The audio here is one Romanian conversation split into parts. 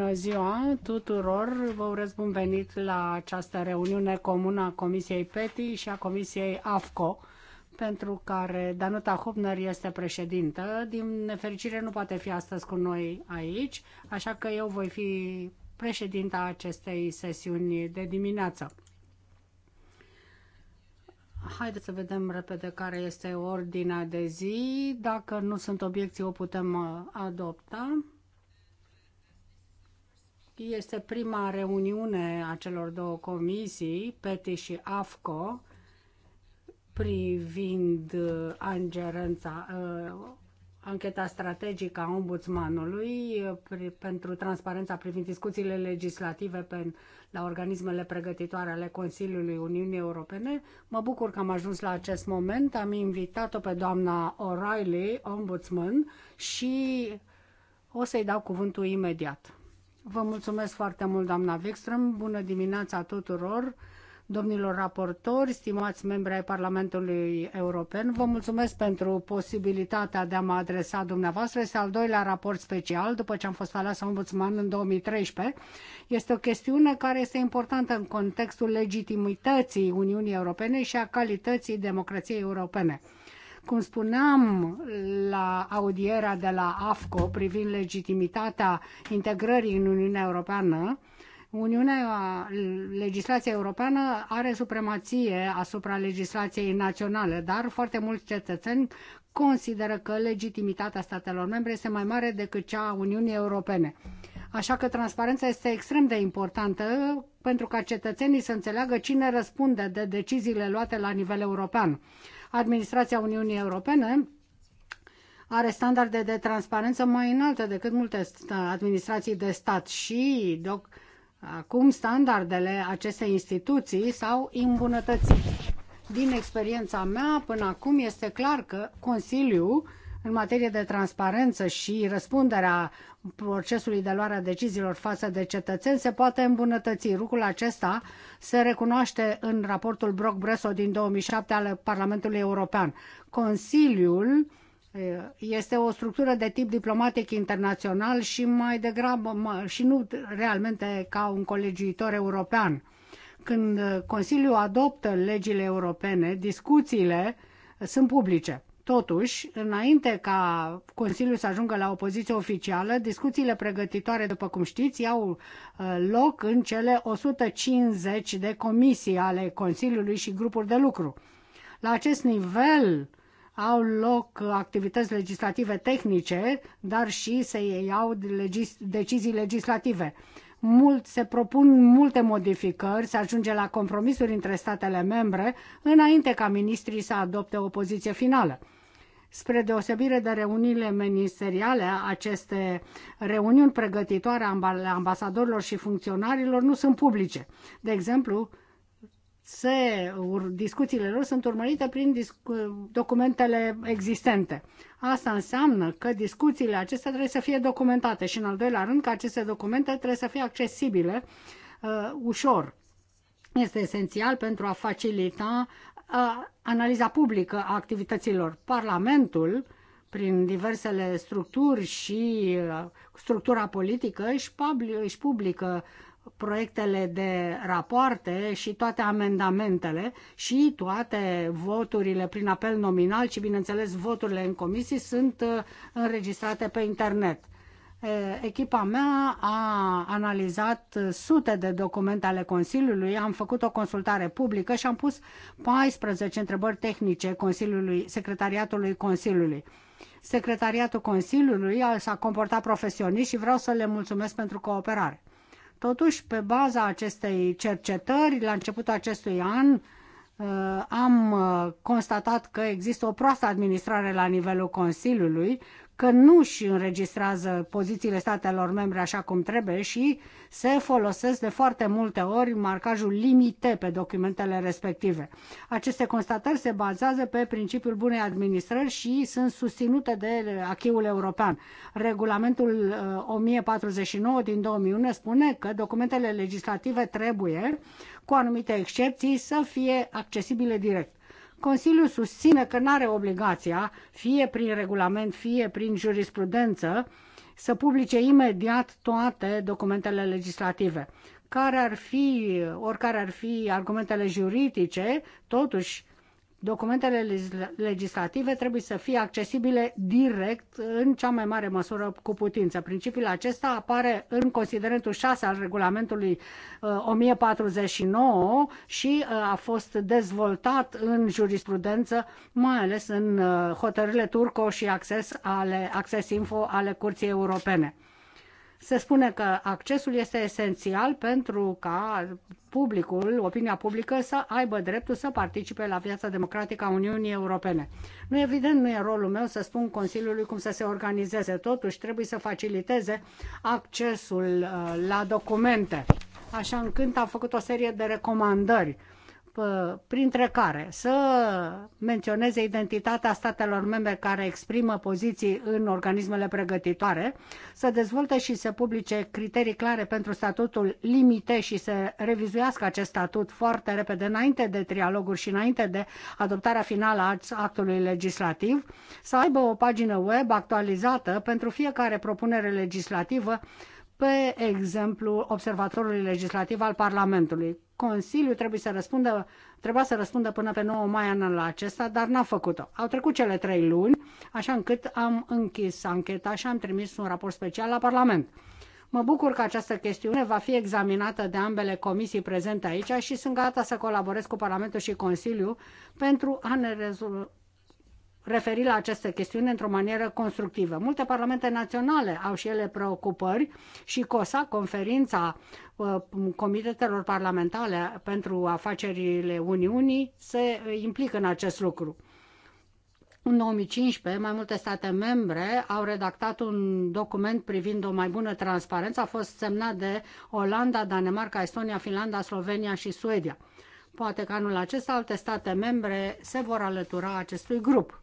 Bună ziua tuturor! Vă urez bun venit la această reuniune comună a Comisiei PETI și a Comisiei AFCO, pentru care Danuta Hubner este președintă. Din nefericire nu poate fi astăzi cu noi aici, așa că eu voi fi președinta acestei sesiuni de dimineață. Haideți să vedem repede care este ordinea de zi. Dacă nu sunt obiecții, o putem uh, adopta. Este prima reuniune a celor două comisii, PETI și AFCO, privind uh, angerența, uh, ancheta strategică a ombudsmanului uh, pentru transparența privind discuțiile legislative pe, la organismele pregătitoare ale Consiliului Uniunii Europene. Mă bucur că am ajuns la acest moment. Am invitat-o pe doamna O'Reilly, ombudsman, și o să-i dau cuvântul imediat. Vă mulțumesc foarte mult, doamna Wikström. Bună dimineața tuturor, domnilor raportori, stimați membri ai Parlamentului European. Vă mulțumesc pentru posibilitatea de a mă adresa dumneavoastră. Este al doilea raport special după ce am fost aleasă ombudsman în 2013. Este o chestiune care este importantă în contextul legitimității Uniunii Europene și a calității democrației europene. Cum spuneam la audierea de la AFCO privind legitimitatea integrării în Uniunea Europeană, Uniunea, legislația europeană are supremație asupra legislației naționale, dar foarte mulți cetățeni consideră că legitimitatea statelor membre este mai mare decât cea a Uniunii Europene. Așa că transparența este extrem de importantă pentru ca cetățenii să înțeleagă cine răspunde de deciziile luate la nivel european administrația Uniunii Europene are standarde de transparență mai înalte decât multe administrații de stat și doc, acum standardele acestei instituții s-au îmbunătățit. Din experiența mea până acum este clar că Consiliul în materie de transparență și răspunderea procesului de luare a deciziilor față de cetățeni se poate îmbunătăți. Lucrul acesta se recunoaște în raportul Brock Bresso din 2007 al Parlamentului European. Consiliul eh, este o structură de tip diplomatic internațional și mai degrabă și nu realmente ca un colegiuitor european. Când Consiliul adoptă legile europene, discuțiile sunt publice Totuși, înainte ca Consiliul să ajungă la o poziție oficială, discuțiile pregătitoare, după cum știți, iau uh, loc în cele 150 de comisii ale Consiliului și grupuri de lucru. La acest nivel au loc uh, activități legislative tehnice, dar și se iau decizii legislative. Mult, se propun multe modificări, se ajunge la compromisuri între statele membre înainte ca ministrii să adopte o poziție finală. Spre deosebire de reuniile ministeriale, aceste reuniuni pregătitoare ale ambasadorilor și funcționarilor nu sunt publice. De exemplu, se, ur, discuțiile lor sunt urmărite prin documentele existente. Asta înseamnă că discuțiile acestea trebuie să fie documentate și, în al doilea rând, că aceste documente trebuie să fie accesibile uh, ușor. Este esențial pentru a facilita uh, analiza publică a activităților. Parlamentul, prin diversele structuri și uh, structura politică, își, publică proiectele de rapoarte și toate amendamentele și toate voturile prin apel nominal și, bineînțeles, voturile în comisii sunt uh, înregistrate pe internet. Echipa mea a analizat sute de documente ale Consiliului, am făcut o consultare publică și am pus 14 întrebări tehnice Consiliului, Secretariatului Consiliului. Secretariatul Consiliului s-a comportat profesionist și vreau să le mulțumesc pentru cooperare. Totuși, pe baza acestei cercetări, la începutul acestui an, uh, am uh, constatat că există o proastă administrare la nivelul Consiliului, că nu își înregistrează pozițiile statelor membre așa cum trebuie și se folosesc de foarte multe ori marcajul limite pe documentele respective. Aceste constatări se bazează pe principiul bunei administrări și sunt susținute de acheul european. Regulamentul 1049 uh, din 2001 spune că documentele legislative trebuie, cu anumite excepții, să fie accesibile direct. Consiliul susține că nu are obligația, fie prin regulament, fie prin jurisprudență, să publice imediat toate documentele legislative. Care ar fi, oricare ar fi argumentele juridice, totuși documentele legislative trebuie să fie accesibile direct în cea mai mare măsură cu putință. Principiul acesta apare în considerentul 6 al regulamentului 1049 uh, și uh, a fost dezvoltat în jurisprudență, mai ales în uh, hotărârile Turco și acces ale, Access Info ale Curții Europene se spune că accesul este esențial pentru ca publicul, opinia publică, să aibă dreptul să participe la viața democratică a Uniunii Europene. Nu, evident, nu e rolul meu să spun Consiliului cum să se organizeze, totuși trebuie să faciliteze accesul uh, la documente, așa încât am făcut o serie de recomandări printre care să menționeze identitatea statelor membre care exprimă poziții în organismele pregătitoare, să dezvolte și să publice criterii clare pentru statutul limite și să revizuiască acest statut foarte repede înainte de trialoguri și înainte de adoptarea finală a actului legislativ, să aibă o pagină web actualizată pentru fiecare propunere legislativă pe exemplu, observatorului legislativ al Parlamentului. Consiliul trebuie să răspundă, trebuia să răspundă până pe 9 mai anul acesta, dar n-a făcut-o. Au trecut cele trei luni, așa încât am închis ancheta și am trimis un raport special la Parlament. Mă bucur că această chestiune va fi examinată de ambele comisii prezente aici și sunt gata să colaborez cu Parlamentul și Consiliul pentru a ne referi la aceste chestiuni într-o manieră constructivă. Multe parlamente naționale au și ele preocupări și COSA, conferința uh, comitetelor parlamentare pentru afacerile Uniunii, se implică în acest lucru. În 2015, mai multe state membre au redactat un document privind o mai bună transparență. A fost semnat de Olanda, Danemarca, Estonia, Finlanda, Slovenia și Suedia. Poate că anul acesta alte state membre se vor alătura acestui grup.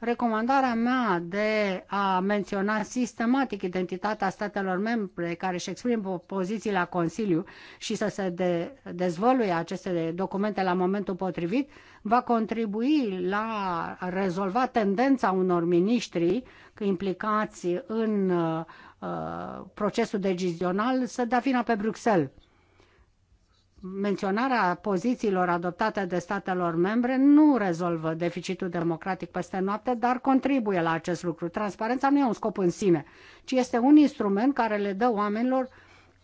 Recomandarea mea de a menționa sistematic identitatea statelor membre care își exprimă poziții la Consiliu și să se de, dezvăluie aceste documente la momentul potrivit va contribui la a rezolva tendența unor miniștri implicați în uh, procesul decizional să dea vina pe Bruxelles menționarea pozițiilor adoptate de statelor membre nu rezolvă deficitul democratic peste noapte, dar contribuie la acest lucru. Transparența nu e un scop în sine, ci este un instrument care le dă oamenilor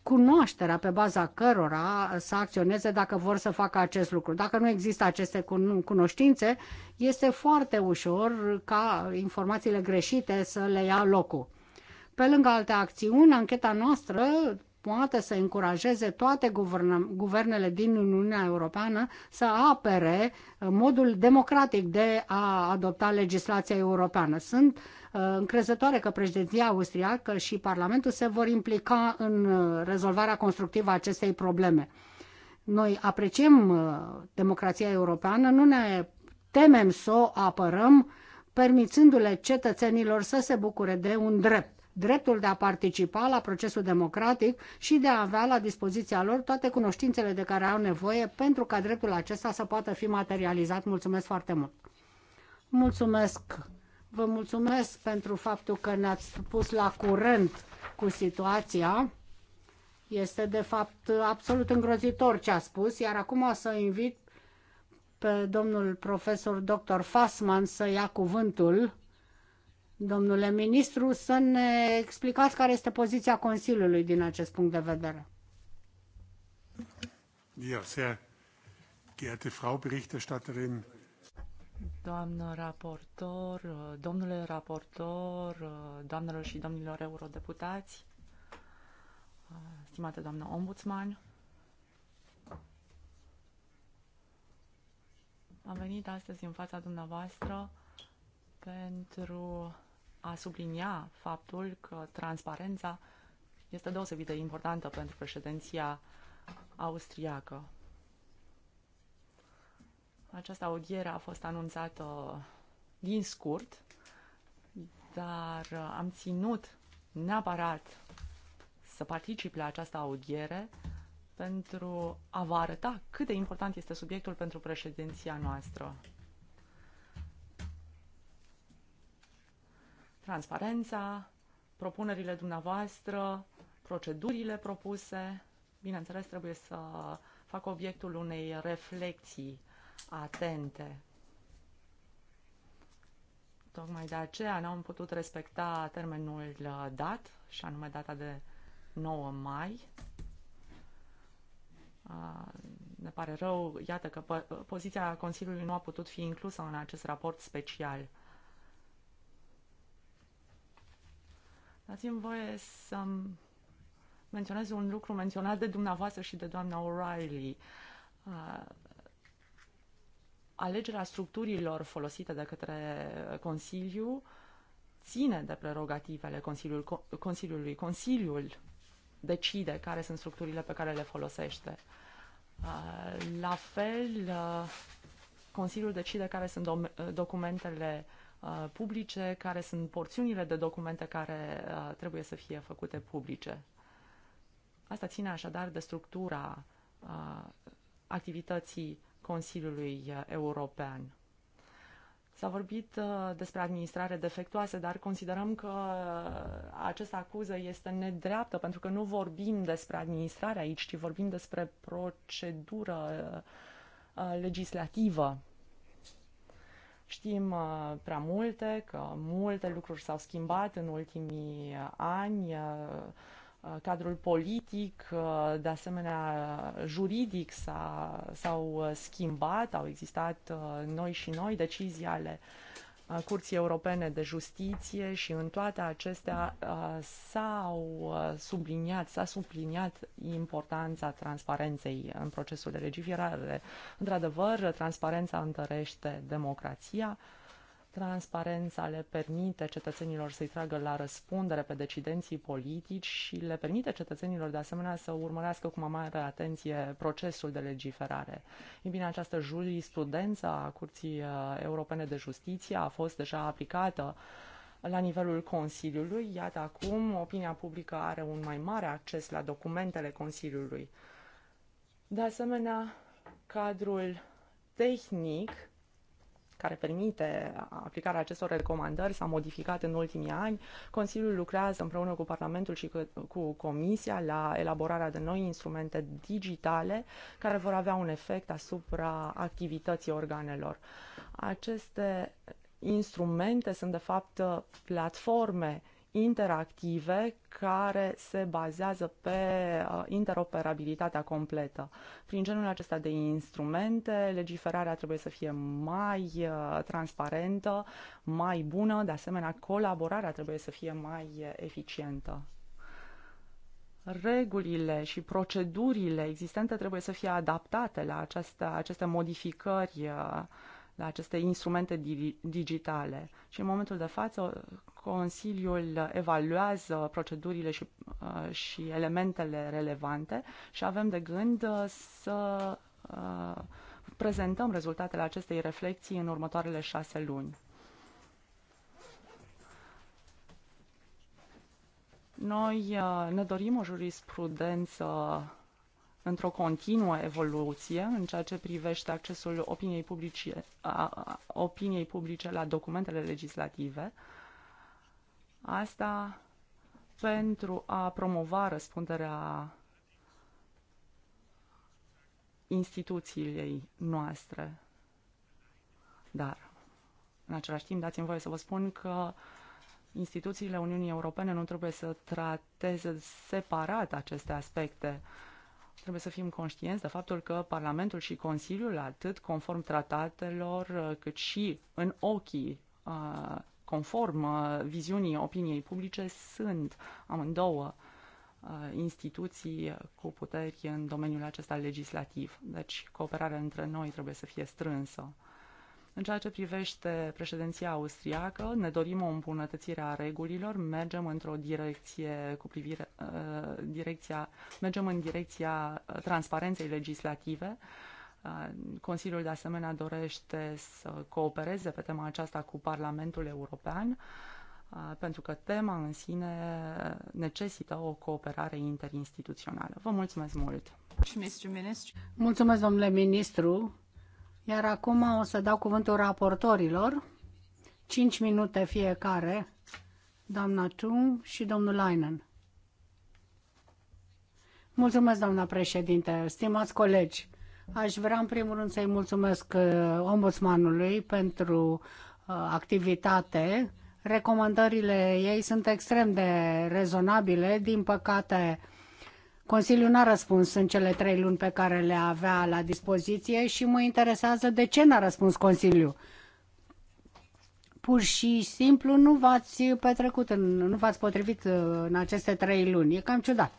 cunoașterea pe baza cărora să acționeze dacă vor să facă acest lucru. Dacă nu există aceste cunoștințe, este foarte ușor ca informațiile greșite să le ia locul. Pe lângă alte acțiuni, ancheta noastră poate să încurajeze toate guvernele din Uniunea Europeană să apere uh, modul democratic de a adopta legislația europeană. Sunt uh, încrezătoare că președinția austriacă și Parlamentul se vor implica în uh, rezolvarea constructivă a acestei probleme. Noi apreciem democrația europeană, nu ne temem să o apărăm, permițându-le cetățenilor să se bucure de un drept dreptul de a participa la procesul democratic și de a avea la dispoziția lor toate cunoștințele de care au nevoie pentru ca dreptul acesta să poată fi materializat. Mulțumesc foarte mult! Mulțumesc! Vă mulțumesc pentru faptul că ne-ați pus la curent cu situația. Este, de fapt, absolut îngrozitor ce a spus, iar acum o să invit pe domnul profesor dr. Fassman să ia cuvântul domnule ministru, să ne explicați care este poziția Consiliului din acest punct de vedere. Ja, sehr geehrte Frau Berichterstatterin. Doamnă raportor, domnule raportor, doamnelor și domnilor eurodeputați, stimată doamnă ombudsman, am venit astăzi în fața dumneavoastră pentru a sublinia faptul că transparența este deosebit de importantă pentru președinția austriacă. Această audiere a fost anunțată din scurt, dar am ținut neapărat să particip la această audiere pentru a vă arăta cât de important este subiectul pentru președinția noastră. transparența, propunerile dumneavoastră, procedurile propuse, bineînțeles, trebuie să fac obiectul unei reflexii atente. Tocmai de aceea n-am putut respecta termenul uh, dat, și anume data de 9 mai. Uh, ne pare rău, iată că poziția Consiliului nu a putut fi inclusă în acest raport special. Dați-mi voie să menționez un lucru menționat de dumneavoastră și de doamna O'Reilly. Uh, alegerea structurilor folosite de către Consiliu ține de prerogativele Consiliului. Consiliul decide care sunt structurile pe care le folosește. Uh, la fel, uh, Consiliul decide care sunt documentele uh, Uh, publice, care sunt porțiunile de documente care uh, trebuie să fie făcute publice. Asta ține așadar de structura uh, activității Consiliului European. S-a vorbit despre administrare defectuoasă, dar considerăm că această acuză este nedreaptă, pentru că nu vorbim despre administrare aici, ci vorbim despre procedură legislativă. Știm uh, prea multe, că multe lucruri s-au schimbat în ultimii uh, ani, uh, cadrul politic, de asemenea juridic s-au schimbat, au existat noi și noi decizii ale Curții Europene de Justiție și în toate acestea s-au subliniat, s-a subliniat importanța transparenței în procesul de legiferare. Într-adevăr, transparența întărește democrația, Transparența le permite cetățenilor să-i tragă la răspundere pe decidenții politici și le permite cetățenilor de asemenea să urmărească cu mai mare atenție procesul de legiferare. Ei bine, această jurisprudență a Curții uh, Europene de Justiție a fost deja aplicată la nivelul Consiliului. Iată acum, opinia publică are un mai mare acces la documentele Consiliului. De asemenea, cadrul tehnic care permite aplicarea acestor recomandări s-a modificat în ultimii ani. Consiliul lucrează împreună cu Parlamentul și cu, cu Comisia la elaborarea de noi instrumente digitale care vor avea un efect asupra activității organelor. Aceste instrumente sunt de fapt platforme interactive care se bazează pe uh, interoperabilitatea completă. Prin genul acesta de instrumente, legiferarea trebuie să fie mai uh, transparentă, mai bună, de asemenea colaborarea trebuie să fie mai uh, eficientă regulile și procedurile existente trebuie să fie adaptate la aceste, aceste modificări la aceste instrumente digitale. Și în momentul de față, Consiliul evaluează procedurile și, uh, și elementele relevante și avem de gând uh, să uh, prezentăm rezultatele acestei reflexii în următoarele șase luni. Noi ne dorim o jurisprudență într-o continuă evoluție în ceea ce privește accesul opiniei publice, a, a, opiniei publice la documentele legislative. Asta pentru a promova răspunderea instituției noastre. Dar, în același timp, dați-mi voie să vă spun că instituțiile Uniunii Europene nu trebuie să trateze separat aceste aspecte. Uh, Trebuie să fim conștienți de faptul că Parlamentul și Consiliul, atât conform tratatelor, uh, cât și în ochii uh, conform uh, viziunii opiniei publice, sunt amândouă instituții cu puteri în domeniul acesta legislativ. Deci cooperarea între noi trebuie să fie strânsă. În ceea ce privește președinția austriacă, ne dorim o îmbunătățire a regulilor, mergem într-o direcție cu privire, uh, direcția, mergem în direcția transparenței legislative. Uh, Consiliul de asemenea dorește să coopereze pe tema aceasta cu Parlamentul European, uh, pentru că tema în sine necesită o cooperare interinstituțională. Vă mulțumesc mult! Mulțumesc, domnule ministru! Iar acum o să dau cuvântul raportorilor. 5 minute fiecare, doamna Tung și domnul Leinen. Mulțumesc, doamna președinte, stimați colegi. Aș vrea în primul rând să-i mulțumesc uh, ombudsmanului pentru uh, activitate. Recomandările ei sunt extrem de rezonabile. Din păcate, Consiliul n-a răspuns în cele trei luni pe care le avea la dispoziție și mă interesează de ce n-a răspuns Consiliul. Pur și simplu nu v-ați petrecut, în, nu v-ați potrivit uh, în aceste trei luni. E cam ciudat.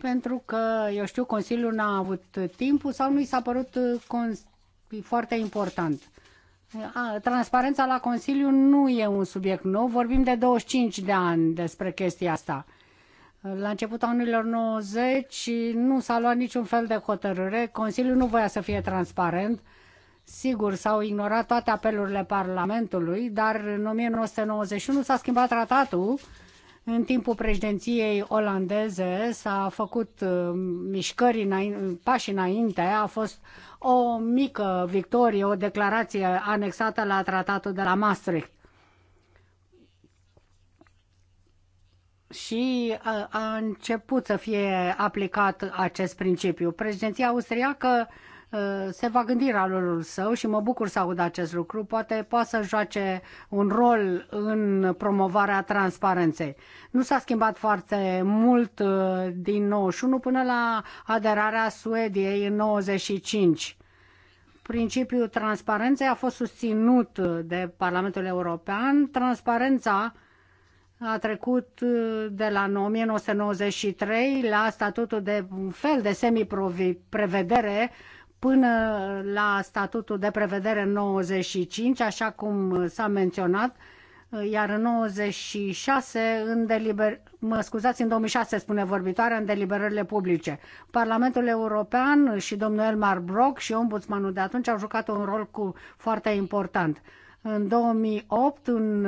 Pentru că, eu știu, Consiliul n-a avut timpul sau nu i s-a părut uh, foarte important. A, transparența la Consiliu nu e un subiect nou, vorbim de 25 de ani despre chestia asta. La începutul anilor 90 nu s-a luat niciun fel de hotărâre, Consiliul nu voia să fie transparent, Sigur, s-au ignorat toate apelurile Parlamentului, dar în 1991 s-a schimbat tratatul. În timpul președinției olandeze s-a făcut uh, mișcări, înainte, pași înainte, a fost o mică victorie, o declarație anexată la tratatul de la Maastricht. și a început să fie aplicat acest principiu. Președinția austriacă se va gândi la rolul său și mă bucur să aud acest lucru. Poate poate să joace un rol în promovarea transparenței. Nu s-a schimbat foarte mult din 91 până la aderarea Suediei în 95. Principiul transparenței a fost susținut de Parlamentul European. Transparența a trecut uh, de la 1993 la statutul de un fel de semi-prevedere până la statutul de prevedere în 95, așa cum uh, s-a menționat, uh, iar în 96, în deliber... mă scuzați, în 2006 spune vorbitoarea, în deliberările publice. Parlamentul European și domnul Elmar Brock și ombudsmanul de atunci au jucat un rol cu... foarte important. În 2008, în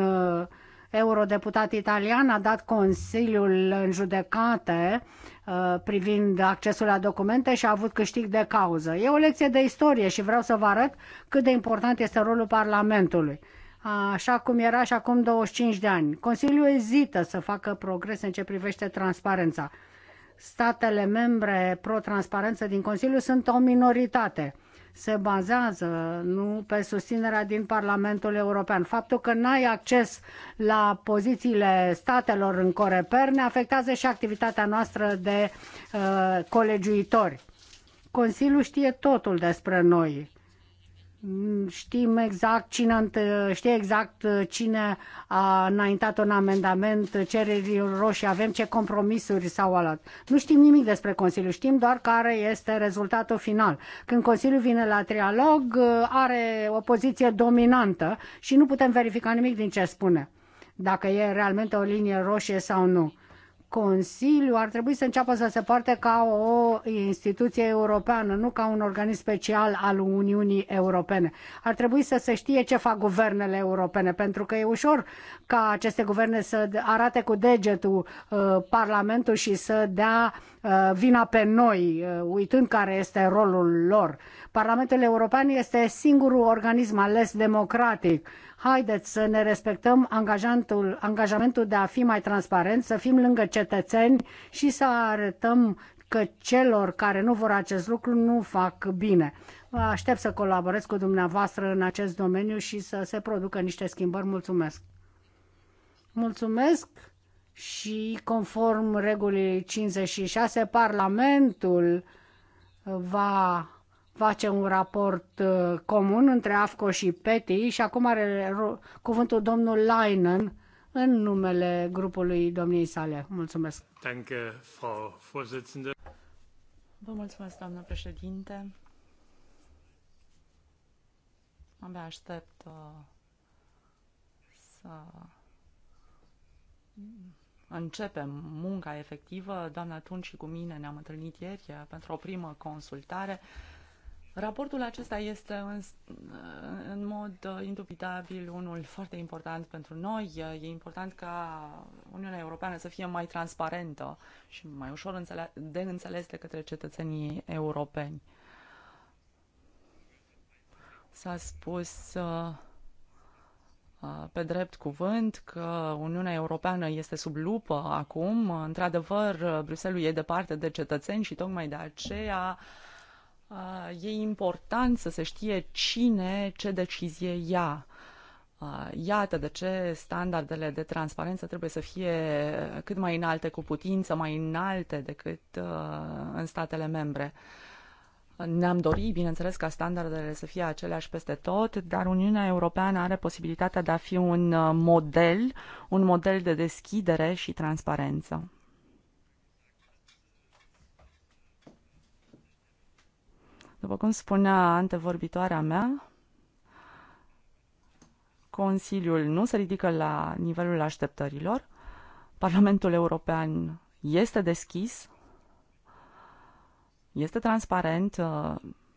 eurodeputat italian a dat Consiliul în judecate uh, privind accesul la documente și a avut câștig de cauză. E o lecție de istorie și vreau să vă arăt cât de important este rolul Parlamentului așa cum era și acum 25 de ani. Consiliul ezită să facă progrese în ce privește transparența. Statele membre pro-transparență din Consiliu sunt o minoritate se bazează nu pe susținerea din Parlamentul European. Faptul că n-ai acces la pozițiile statelor în Coreper ne afectează și activitatea noastră de uh, colegiuitori. Consiliul știe totul despre noi Știm exact cine, știe exact cine a înaintat un amendament cereri roșii, avem ce compromisuri s-au alat. Nu știm nimic despre Consiliu, știm doar care este rezultatul final. Când Consiliul vine la trialog, are o poziție dominantă și nu putem verifica nimic din ce spune, dacă e realmente o linie roșie sau nu Consiliu ar trebui să înceapă să se poarte ca o instituție europeană, nu ca un organism special al Uniunii Europene. Ar trebui să se știe ce fac guvernele europene, pentru că e ușor ca aceste guverne să arate cu degetul uh, Parlamentul și să dea uh, vina pe noi, uh, uitând care este rolul lor. Parlamentul European este singurul organism ales democratic Haideți să ne respectăm angajamentul, angajamentul de a fi mai transparenți, să fim lângă cetățeni și să arătăm că celor care nu vor acest lucru nu fac bine. Aștept să colaborez cu dumneavoastră în acest domeniu și să se producă niște schimbări. Mulțumesc! Mulțumesc! și conform regulii 56, Parlamentul va face un raport uh, comun între AFCO și PETI și acum are cuvântul domnul Leinen în numele grupului domniei sale. Mulțumesc. Danke, Frau Vorsitzende. Vă mulțumesc, doamnă președinte. Abia aștept uh, să începem munca efectivă. Doamna Tun și cu mine ne-am întâlnit ieri uh, pentru o primă consultare. Uh, Raportul acesta este în, în mod uh, indubitabil unul foarte important pentru noi. E important ca Uniunea Europeană să fie mai transparentă și mai ușor înțele- de înțeles de către cetățenii europeni. S-a spus uh, uh, pe drept cuvânt că Uniunea Europeană este sub lupă acum. Într-adevăr, Bruselul e departe de cetățeni și tocmai de aceea E important să se știe cine ce decizie ia. Iată de ce standardele de transparență trebuie să fie cât mai înalte cu putință, mai înalte decât în statele membre. Ne-am dorit, bineînțeles, ca standardele să fie aceleași peste tot, dar Uniunea Europeană are posibilitatea de a fi un model, un model de deschidere și transparență. După cum spunea antevorbitoarea mea, Consiliul nu se ridică la nivelul așteptărilor, Parlamentul European este deschis, este transparent, uh,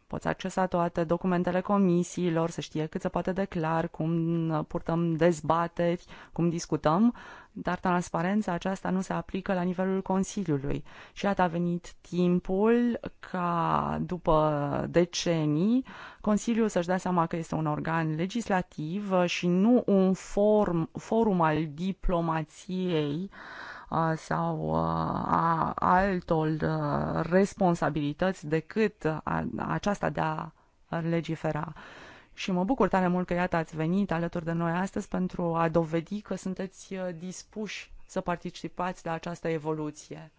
poți accesa toate documentele comisiilor, să știe cât se poate de clar cum uh, purtăm dezbateri, cum discutăm, dar transparența aceasta nu se aplică la nivelul Consiliului. Și iată a venit timpul ca după decenii Consiliul să-și dea seama că este un organ legislativ și nu un form forum al diplomației uh, sau a altor responsabilități decât aceasta de a legifera. Și mă bucur tare mult că, iată, ați venit alături de noi astăzi pentru a dovedi că sunteți dispuși să participați la această evoluție.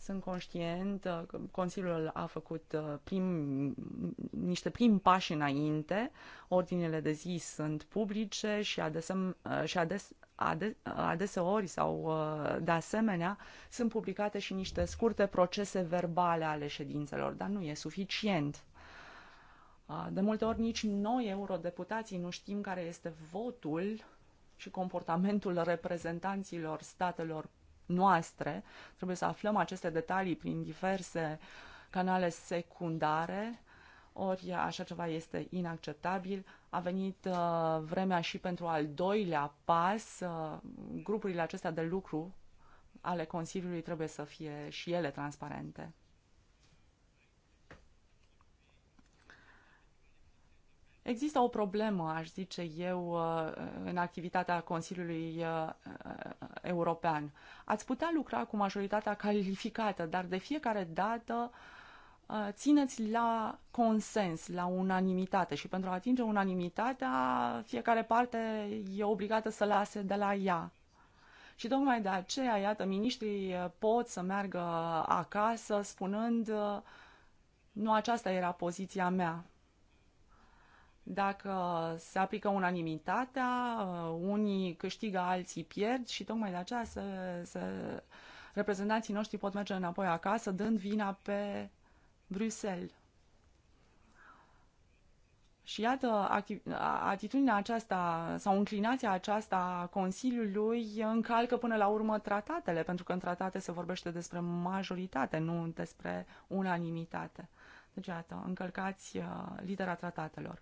Sunt conștient că Consiliul a făcut prim, niște primi pași înainte, ordinele de zi sunt publice și, adesem, și ades, adeseori sau uh, de asemenea sunt publicate și niște scurte procese verbale ale ședințelor, dar nu e suficient. Uh, de multe ori nici noi, eurodeputații, nu știm care este votul și comportamentul reprezentanților statelor noastre. Trebuie să aflăm aceste detalii prin diverse canale secundare ori așa ceva este inacceptabil. A venit uh, vremea și pentru al doilea pas. Uh, grupurile acestea de lucru ale Consiliului trebuie să fie și ele transparente. Există o problemă, aș zice eu, uh, în activitatea Consiliului uh, uh, European. Ați putea lucra cu majoritatea calificată, dar de fiecare dată uh, Uh, țineți la consens, la unanimitate și pentru a atinge unanimitatea, fiecare parte e obligată să lase de la ea. Și tocmai de aceea, iată, miniștrii uh, pot să meargă acasă spunând uh, nu aceasta era poziția mea. Dacă se aplică unanimitatea, unii câștigă, alții pierd și tocmai de aceea se, se, reprezentanții noștri pot merge înapoi acasă dând vina pe Bruxelles. Și iată, atitudinea aceasta sau înclinația aceasta a Consiliului încalcă până la urmă tratatele, pentru că în tratate se vorbește despre majoritate, nu despre unanimitate. Deci, iată, încălcați uh, litera tratatelor.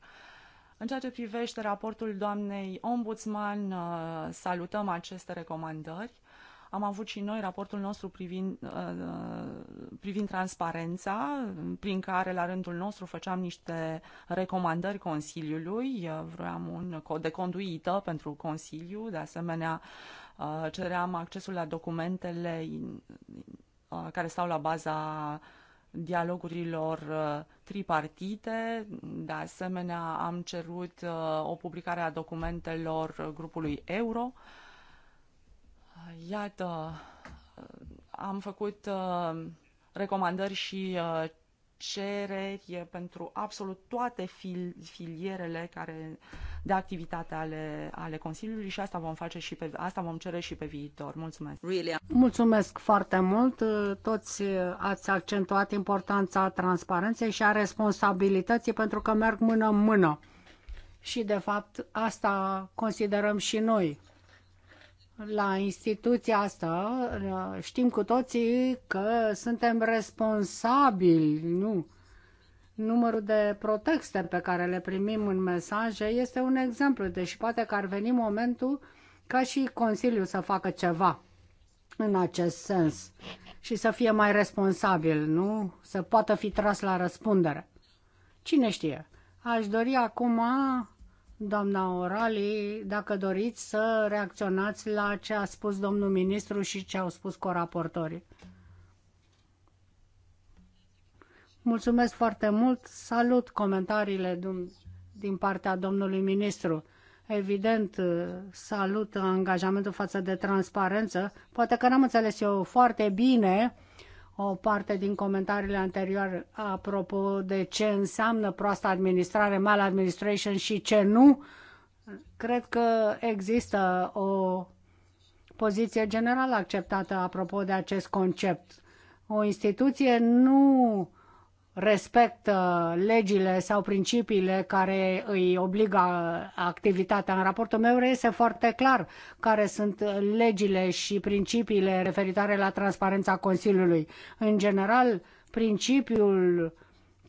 În ceea ce privește raportul doamnei ombudsman, uh, salutăm aceste recomandări. Am avut și noi raportul nostru privind, uh, privind transparența, prin care la rândul nostru făceam niște recomandări Consiliului. Vroiam un cod de conduită pentru Consiliu, de asemenea uh, ceream accesul la documentele uh, care stau la baza dialogurilor tripartite. De asemenea, am cerut o publicare a documentelor grupului Euro. Uh, Iată, am făcut uh, recomandări și uh, cereri pentru absolut toate fil- filierele care de activitate ale, ale Consiliului și asta vom face și pe asta vom cere și pe viitor. Mulțumesc. Really. Mulțumesc foarte mult. Toți ați accentuat importanța transparenței și a responsabilității pentru că merg mână în mână. Și de fapt asta considerăm și noi la instituția asta știm cu toții că suntem responsabili, nu? Numărul de proteste pe care le primim în mesaje este un exemplu, deși poate că ar veni momentul ca și Consiliul să facă ceva în acest sens și să fie mai responsabil, nu? Să poată fi tras la răspundere. Cine știe? Aș dori acum doamna Orali, dacă doriți să reacționați la ce a spus domnul ministru și ce au spus coraportorii. Mulțumesc foarte mult, salut comentariile din partea domnului ministru. Evident, salut angajamentul față de transparență. Poate că n-am înțeles eu foarte bine o parte din comentariile anterioare apropo de ce înseamnă proasta administrare, maladministration și ce nu, cred că există o poziție generală acceptată apropo de acest concept. O instituție nu respectă legile sau principiile care îi obligă activitatea. În raportul meu este foarte clar care sunt legile și principiile referitoare la transparența Consiliului. În general, principiul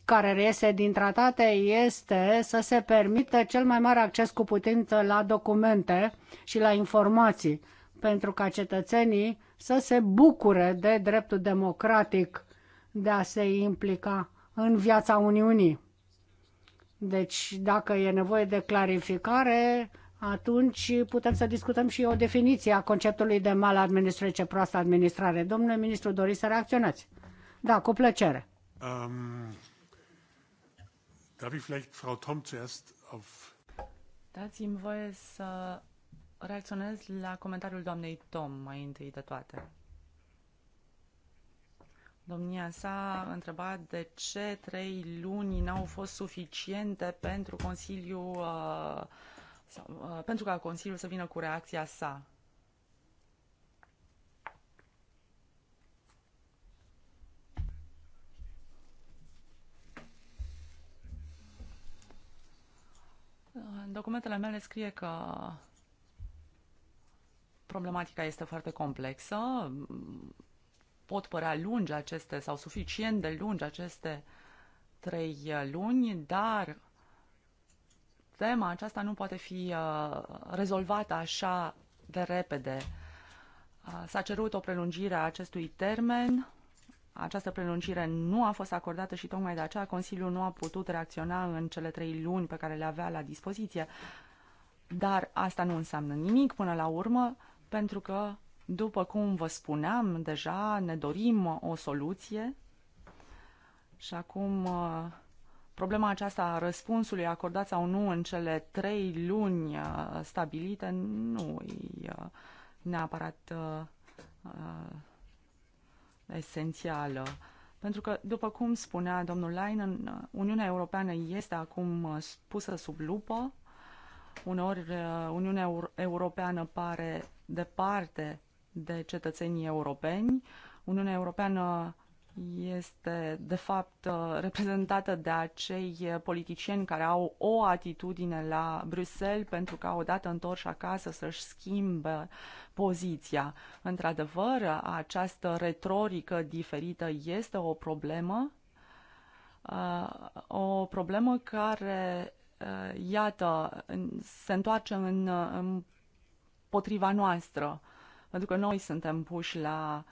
care reiese din tratate este să se permită cel mai mare acces cu putință la documente și la informații, pentru ca cetățenii să se bucure de dreptul democratic de a se implica în viața Uniunii. Deci, dacă e nevoie de clarificare, atunci putem să discutăm și o definiție a conceptului de mal administrare, ce proastă administrare. Domnule ministru, doriți să reacționați? Da, cu plăcere. Um, darf ich vielleicht Frau Tom zuerst auf... Dați-mi voie să reacționez la comentariul doamnei Tom mai întâi de toate. Domnia sa a întrebat de ce trei luni n-au fost suficiente pentru Consiliu, uh, uh, pentru ca Consiliul să vină cu reacția sa. În documentele mele scrie că problematica este foarte complexă pot părea lungi aceste sau suficient de lungi aceste trei uh, luni, dar tema aceasta nu poate fi uh, rezolvată așa de repede. Uh, s-a cerut o prelungire a acestui termen. Această prelungire nu a fost acordată și tocmai de aceea Consiliul nu a putut reacționa în cele trei luni pe care le avea la dispoziție. Dar asta nu înseamnă nimic până la urmă, pentru că după cum vă spuneam deja, ne dorim o soluție și acum uh, problema aceasta a răspunsului acordat sau nu în cele trei luni uh, stabilite nu e uh, neapărat esențială. Pentru că, după cum spunea domnul Leinen, Uniunea Europeană este acum pusă sub lupă. Uneori Uniunea Europeană pare departe de cetățenii europeni. Uniunea Europeană este, de fapt, reprezentată de acei politicieni care au o atitudine la Bruxelles pentru că, odată întorși acasă, să-și schimbe poziția. Într-adevăr, această retorică diferită este o problemă, uh, o problemă care, uh, iată, se întoarce în, potriva noastră pentru că noi suntem puși la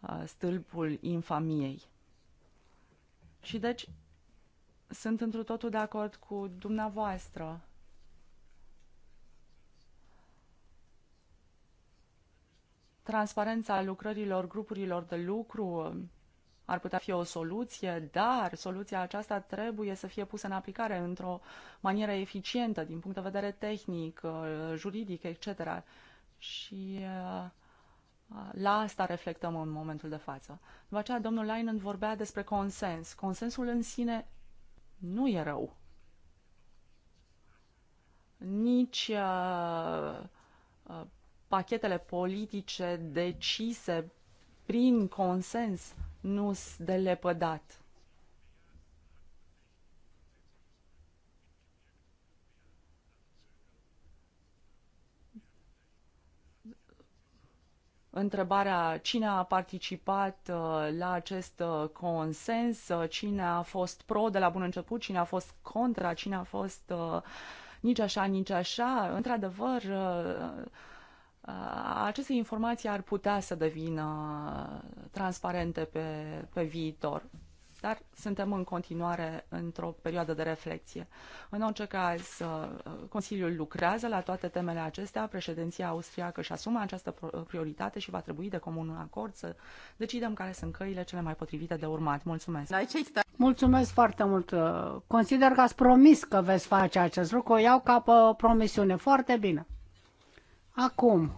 uh, stâlpul infamiei. Și deci sunt întru totul de acord cu dumneavoastră. Transparența lucrărilor grupurilor de lucru um, ar putea fi o soluție, dar soluția aceasta trebuie să fie pusă în aplicare într-o manieră eficientă din punct de vedere tehnic, uh, juridic, etc. Și uh, la asta reflectăm în momentul de față. După aceea, domnul Leinen vorbea despre consens. Consensul în sine nu e rău. Nici uh, uh, pachetele politice decise prin consens nu sunt de lepădat. întrebarea cine a participat uh, la acest uh, consens, uh, cine a fost pro de la bun început, cine a fost contra, cine a fost nici așa, nici așa. Într-adevăr, aceste informații ar putea să devină transparente pe, pe viitor dar suntem în continuare într-o perioadă de reflexie. În orice caz, uh, Consiliul lucrează la toate temele acestea, președinția austriacă își asumă această prioritate și va trebui de comun acord să decidem care sunt căile cele mai potrivite de urmat. Mulțumesc! Mulțumesc foarte mult! Consider că ați promis că veți face acest lucru, o iau ca pe promisiune. Foarte bine! Acum,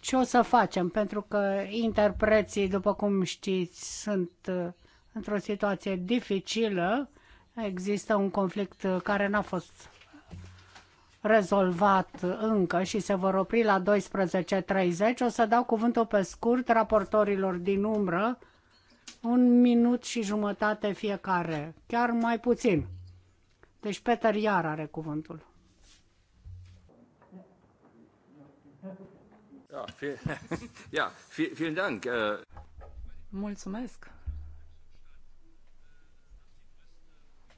ce o să facem? Pentru că interpreții, după cum știți, sunt uh, într-o situație dificilă. Există un conflict care n-a fost rezolvat încă și se vor opri la 12.30. O să dau cuvântul pe scurt raportorilor din umbră, un minut și jumătate fiecare, chiar mai puțin. Deci Peter iar are cuvântul. Mulțumesc.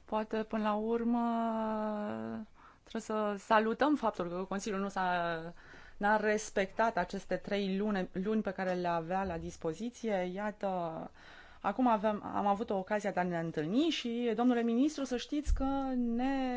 Poate până la urmă trebuie să salutăm faptul că Consiliul nu s-a n-a respectat aceste trei luni, luni pe care le avea la dispoziție. Iată, acum avem, am avut o ocazia de a ne întâlni și, domnule ministru, să știți că ne,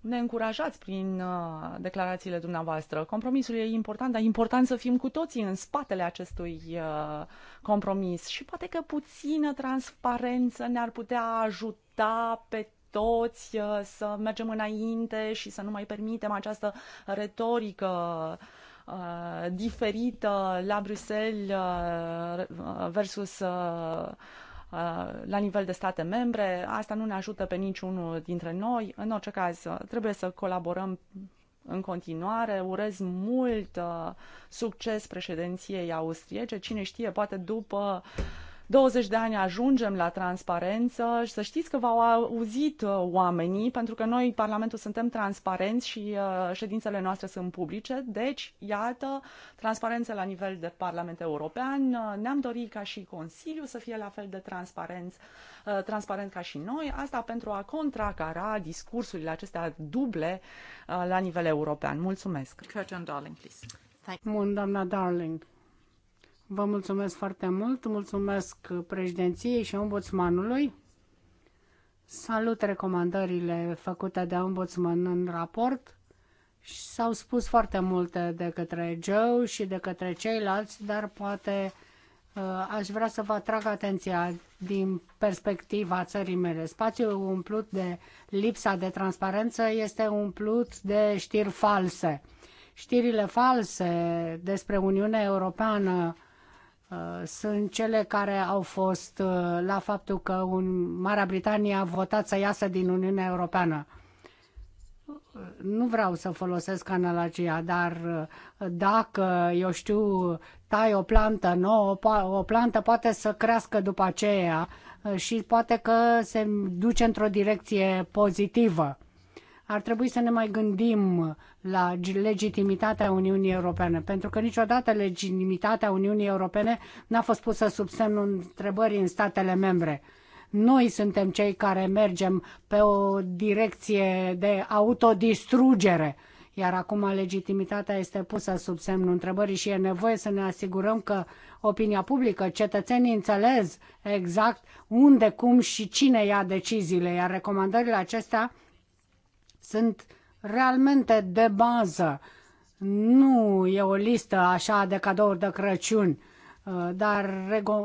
ne încurajați prin uh, declarațiile dumneavoastră. Compromisul e important, dar e important să fim cu toții în spatele acestui uh, compromis și poate că puțină transparență ne-ar putea ajuta ajuta pe toți uh, să mergem înainte și să nu mai permitem această retorică uh, diferită la Bruxelles uh, versus la nivel de state membre. Asta nu ne ajută pe niciunul dintre noi. În orice caz, trebuie să colaborăm în continuare. Urez mult succes președinției austriece. Cine știe, poate după 20 de ani ajungem la transparență și să știți că v-au auzit uh, oamenii, pentru că noi, Parlamentul, suntem transparenți și uh, ședințele noastre sunt publice, deci, iată, transparență la nivel de Parlament European. Uh, ne-am dorit ca și Consiliul să fie la fel de transparent, transparent ca și noi, asta pentru a contracara discursurile acestea duble la nivel european. Mulțumesc! Curtain, Darling, please. Thank you. Doamna Darling. Vă mulțumesc foarte mult, mulțumesc președinției și ombudsmanului. Salut recomandările făcute de ombudsman în raport. S-au spus foarte multe de către Joe și de către ceilalți, dar poate uh, aș vrea să vă atrag atenția din perspectiva țării mele. Spațiul umplut de lipsa de transparență este umplut de știri false. Știrile false despre Uniunea Europeană Uh, sunt cele care au fost uh, la faptul că un, Marea Britanie a votat să iasă din Uniunea Europeană. Nu vreau să folosesc analogia, dar uh, dacă, eu știu, tai o plantă nouă, o plantă poate să crească după aceea și poate că se duce într-o direcție pozitivă ar trebui să ne mai gândim la legitimitatea Uniunii Europene, pentru că niciodată legitimitatea Uniunii Europene n-a fost pusă sub semnul întrebării în statele membre. Noi suntem cei care mergem pe o direcție de autodistrugere iar acum legitimitatea este pusă sub semnul întrebării și e nevoie să ne asigurăm că opinia publică, cetățenii înțeles exact unde, cum și cine ia deciziile, iar recomandările acestea sunt realmente de bază. Nu e o listă așa de cadouri de Crăciun, uh, dar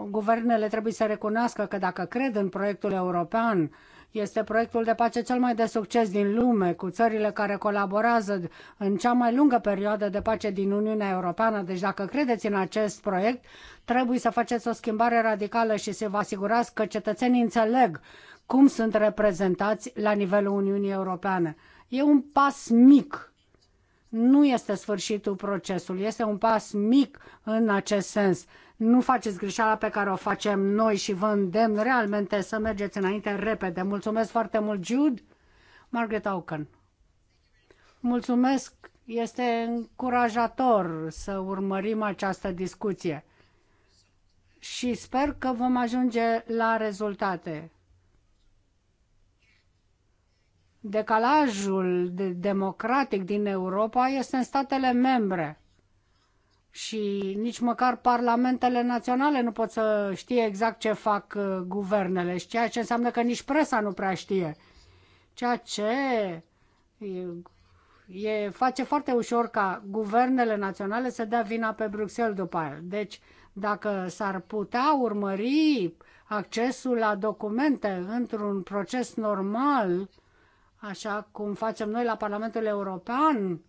guvernele trebuie să recunoască că dacă cred în proiectul european, este proiectul de pace cel mai de succes din lume, cu țările care colaborează în cea mai lungă perioadă de pace din Uniunea Europeană. Deci dacă credeți în acest proiect, trebuie să faceți o schimbare radicală și să vă asigurați că cetățenii înțeleg cum sunt reprezentați la nivelul Uniunii Europene. E un pas mic. Nu este sfârșitul procesului, este un pas mic în acest sens. Nu faceți greșeala pe care o facem noi și vă îndemn realmente să mergeți înainte repede. Mulțumesc foarte mult, Jude. Margaret Auken. Mulțumesc, este încurajator să urmărim această discuție și sper că vom ajunge la rezultate decalajul democratic din Europa este în statele membre. Și nici măcar parlamentele naționale nu pot să știe exact ce fac uh, guvernele, ceea ce înseamnă că nici presa nu prea știe. Ceea ce e, e, face foarte ușor ca guvernele naționale să dea vina pe Bruxelles după aia. Deci, dacă s-ar putea urmări accesul la documente într-un proces normal, așa cum facem noi la Parlamentul European,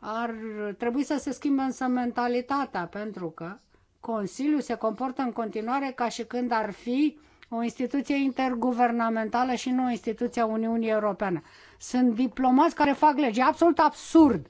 ar trebui să se schimbe însă mentalitatea, pentru că Consiliul se comportă în continuare ca și când ar fi o instituție interguvernamentală și nu o instituție a Uniunii Europene. Sunt diplomați care fac lege absolut absurd.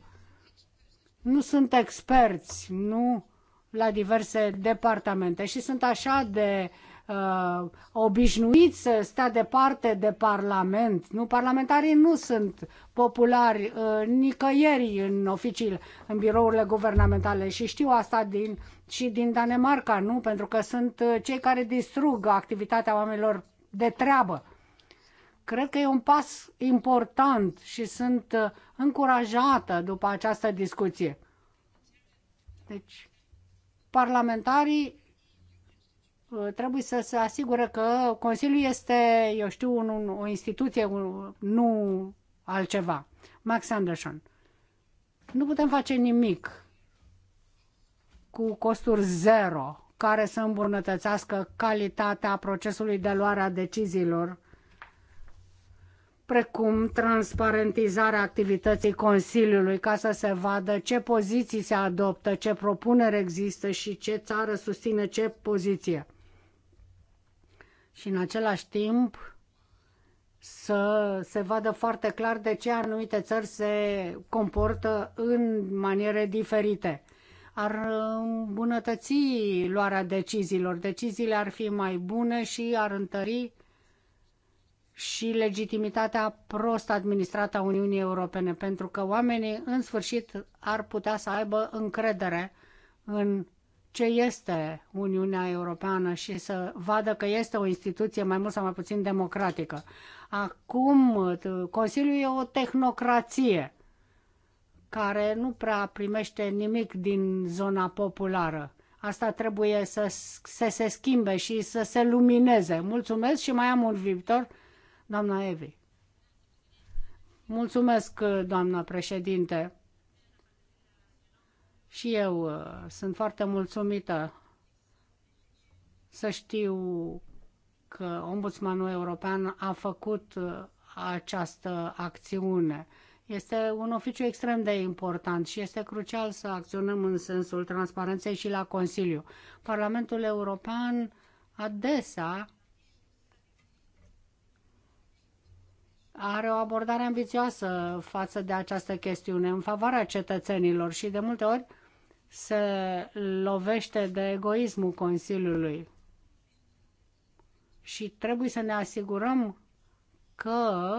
Nu sunt experți, nu la diverse departamente și sunt așa de uh, uh, obișnuiți să stea departe de Parlament. Nu, parlamentarii nu sunt populari uh, nicăieri în oficiile, în birourile guvernamentale și știu asta din, și din Danemarca, nu? Pentru că sunt uh, cei care distrug activitatea oamenilor de treabă. Cred că e un pas important și sunt uh, încurajată după această discuție. Deci, parlamentarii trebuie să se asigură că Consiliul este, eu știu, un, un, o instituție, un, nu altceva. Max Anderson. Nu putem face nimic cu costuri zero care să îmbunătățească calitatea procesului de luare a deciziilor, precum transparentizarea activității Consiliului ca să se vadă ce poziții se adoptă, ce propuneri există și ce țară susține ce poziție și în același timp să se vadă foarte clar de ce anumite țări se comportă în maniere diferite. Ar îmbunătăți luarea deciziilor. Deciziile ar fi mai bune și ar întări și legitimitatea prost administrată a Uniunii Europene, pentru că oamenii, în sfârșit, ar putea să aibă încredere în ce este Uniunea Europeană și să vadă că este o instituție mai mult sau mai puțin democratică. Acum Consiliul e o tehnocrație care nu prea primește nimic din zona populară. Asta trebuie să, să se schimbe și să se lumineze. Mulțumesc și mai am un viitor, doamna Evi. Mulțumesc, doamna președinte. Și eu uh, sunt foarte mulțumită să știu că Ombudsmanul European a făcut uh, această acțiune. Este un oficiu extrem de important și este crucial să acționăm în sensul transparenței și la Consiliu. Parlamentul European adesea are o abordare ambițioasă față de această chestiune, în favoarea cetățenilor și de multe ori se lovește de egoismul Consiliului. Și trebuie să ne asigurăm că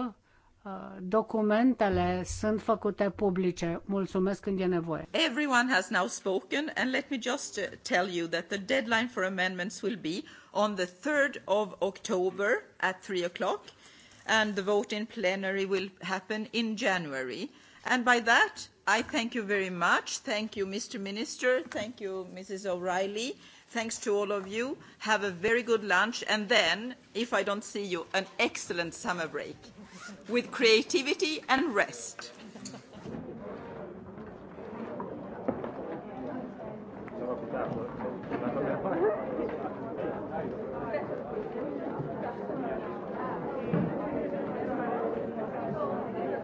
uh, documentele sunt făcute publice. Mulțumesc când e nevoie. Everyone has now spoken and let me just uh, tell you that the deadline for amendments will be on the 3rd of October at 3 o'clock and the vote in plenary will happen in January. And by that, I thank you very much. Thank you, Mr. Minister. Thank you, Mrs. O'Reilly. Thanks to all of you. Have a very good lunch. And then, if I don't see you, an excellent summer break with creativity and rest.